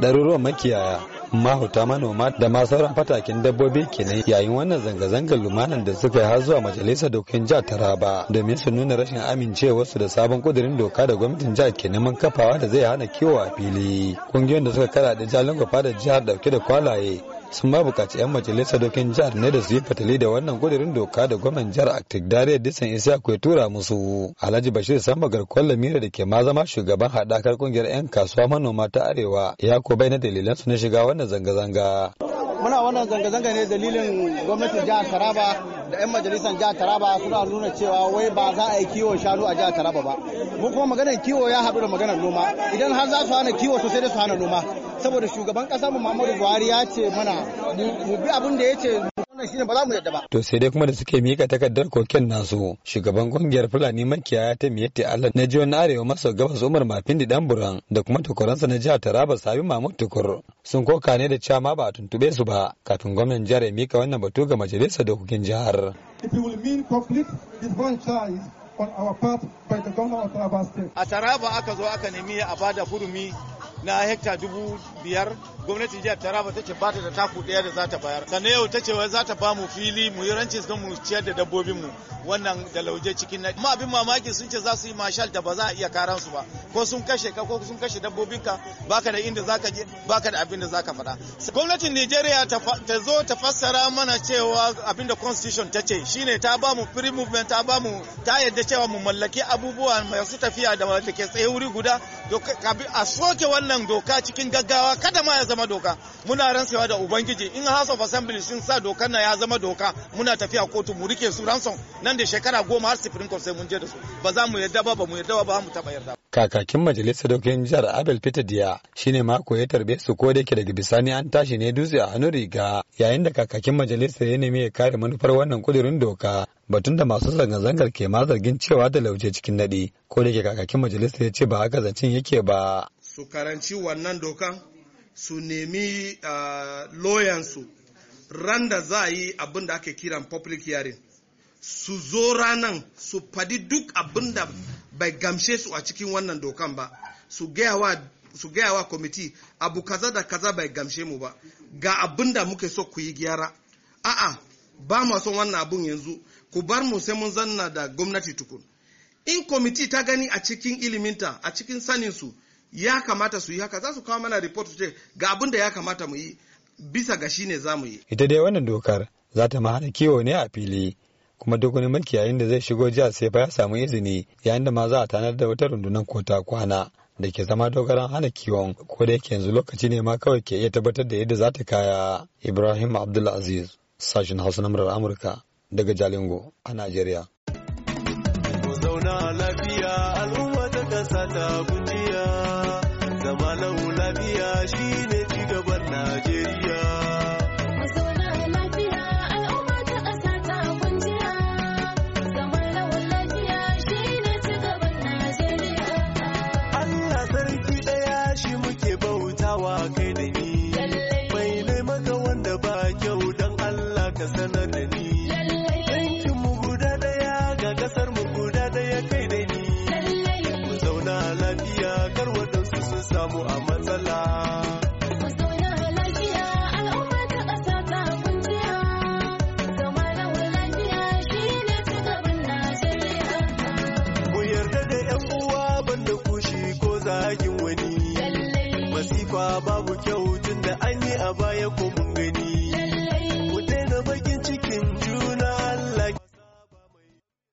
ɗaruruwan makiyaya mahuta manoma da ma sauran fatakin dabbobi kenan yayin wannan zanga-zangar lumanan da suka yi har zuwa majalisar dokokin ta raba. domin su nuna rashin amincewarsu da sabon kudirin doka da gwamnatin jihar ke neman kafawa da zai hana kiwo a fili kungiyoyin da suka kara da jalin gwafa jihar dauke da kwalaye sun ma bukaci 'yan majalisar dokin jihar ne da su yi fatali da wannan kudirin doka da gwamnan jihar Arctic Dariya Disan Isa ya tura musu. Alhaji Bashir Samba garkwal Lamira da ke ma zama shugaban haɗakar kungiyar 'yan kasuwa manoma ta Arewa ya ko bai na dalilan su na shiga wannan zanga-zanga. muna wannan zanga-zanga ne dalilin gwamnatin jihar taraba da 'yan majalisar jihar taraba suna nuna cewa wai ba za a yi kiwo shanu a jihar taraba ba mu kuma maganar kiwo ya haɗu da maganar noma idan har za su hana kiwo sosai da su hana noma saboda shugaban ƙasa mu muhammadu buhari ya ce mana mu bi abin da ya ce to sai dai kuma da suke mika takardar koken nasu shugaban kungiyar fulani makiyaya ta miyatti Allah na jihar arewa maso gabas Umar Mafindi buran. da kuma tukuransa na jihar Taraba Sabi Mahmud Tukur sun koka ne da cewa ma ba a tuntube su ba kafin gwamnan jihar ya mika wannan batu ga da dokokin jihar a Taraba aka zo aka nemi a bada furumi na hekta dubu biyar Gwamnati jihar Taraba ta ce bata da taku daya da zata bayar sannan yau ta ce wai za ta bamu fili mu yi rancis don mu ciyar da dabbobinmu wannan da lauje cikin na amma abin mamaki sun ce za su yi marshal da ba za a iya karan su ba ko sun kashe ka ko sun kashe dabbobinka baka da inda zaka je baka da abin da zaka faɗa gwamnatin Nigeria ta zo ta fassara mana cewa abin da constitution ta ce shine ta ba mu free movement ta ba mu ta yadda cewa mu mallaki abubuwa masu tafiya da wanda ke tsaye wuri guda a soke wannan doka cikin gaggawa kada ma ya zama doka muna rantsewa da ubangiji in house of assembly sun sa dokar na ya zama doka muna tafiya kotu mu rike su ransom nan da shekara goma har supreme court sai mun je da su ba za mu yarda ba ba mu yarda ba ba mu taba yarda kakakin majalisar dokokin jihar abel shi shine mako ya tarbe su ko da yake daga bisani an tashi ne dutse a hannun riga yayin da kakakin majalisar ya nemi ya kare manufar wannan kudirin doka batun da masu zanga-zangar ke ma zargin cewa da lauje cikin nadi, ko da ke kakakin majalisar ya ce ba haka zancen yake ba su karanci wannan dokan su nemi ah, loyansu ran da za a yi abin da ake kiran public hearing su zo ranan su fadi duk abin da bai gamshe su a cikin wannan dokan ba su gaya wa kwamiti abu kaza da kaza bai gamshe mu ba ga abin da muke so ku yi gyara a'a ba mu son wannan abun yanzu ku bar mu sai mun zanna da gwamnati tukun in kwamiti ta gani a cikin iliminta a cikin sanin su ya kamata su yi haka za su kawo mana report ce ga abin da ya kamata mu yi bisa ga shi ne za mu yi ita dai wannan dokar za ta mahana kiwo ne a fili kuma duk wani makiyayin da zai shigo jihar sai fa ya samu izini yayin da ma za a tanar da wata rundunar kota kwana da ke zama dogaran hana kiwon ko da yake yanzu lokaci ne ma kawai ke iya tabbatar da yadda za ta kaya ibrahim abdulaziz sashen hausa na murar amurka daga jalingo a najeriya lafiya sarki ɗaya shi muke bautawa kai da ni mai ne maka wanda ba kyau don Allah ka sanar da ni yankin mu guda ɗaya ga kasar mu guda ɗaya kai da ni mu zauna lafiya kar waɗansu sun samu a matsala ku kyau tun da an yi a baya ko mun gani. Ku daina baki